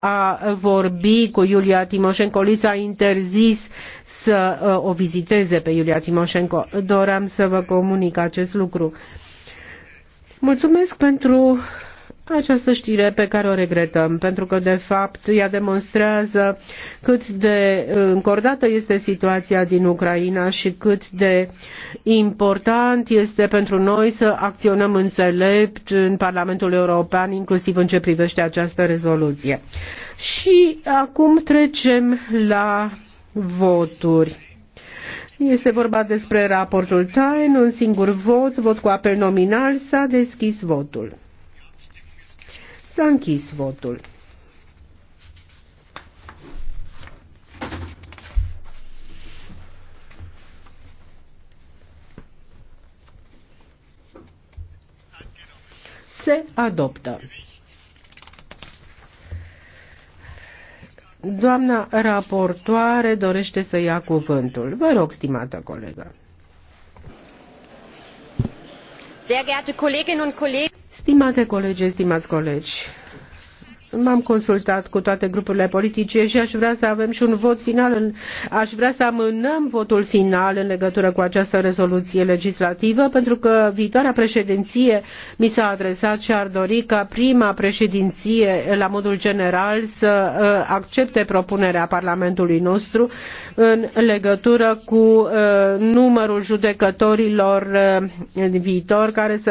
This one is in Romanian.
a vorbi cu Iulia Timoșenko. Li s-a interzis să uh, o viziteze pe Iulia Timoșenko. Doream să vă comunic acest lucru. Mulțumesc pentru această știre pe care o regretăm, pentru că de fapt ea demonstrează cât de încordată este situația din Ucraina și cât de important este pentru noi să acționăm înțelept în Parlamentul European, inclusiv în ce privește această rezoluție. Și acum trecem la voturi. Este vorba despre raportul Tain, un singur vot, vot cu apel nominal, s-a deschis votul. S-a închis votul. Se adoptă. Doamna raportoare dorește să ia cuvântul. Vă rog, stimată colegă. Sehr geehrte Kolleginnen und Kollegen, Stimate colegi, stimați colegi, M-am consultat cu toate grupurile politice și aș vrea să avem și un vot final. În, aș vrea să amânăm votul final în legătură cu această rezoluție legislativă, pentru că viitoarea președinție mi s-a adresat și ar dori ca prima președinție, la modul general, să uh, accepte propunerea Parlamentului nostru în legătură cu uh, numărul judecătorilor uh, viitor care să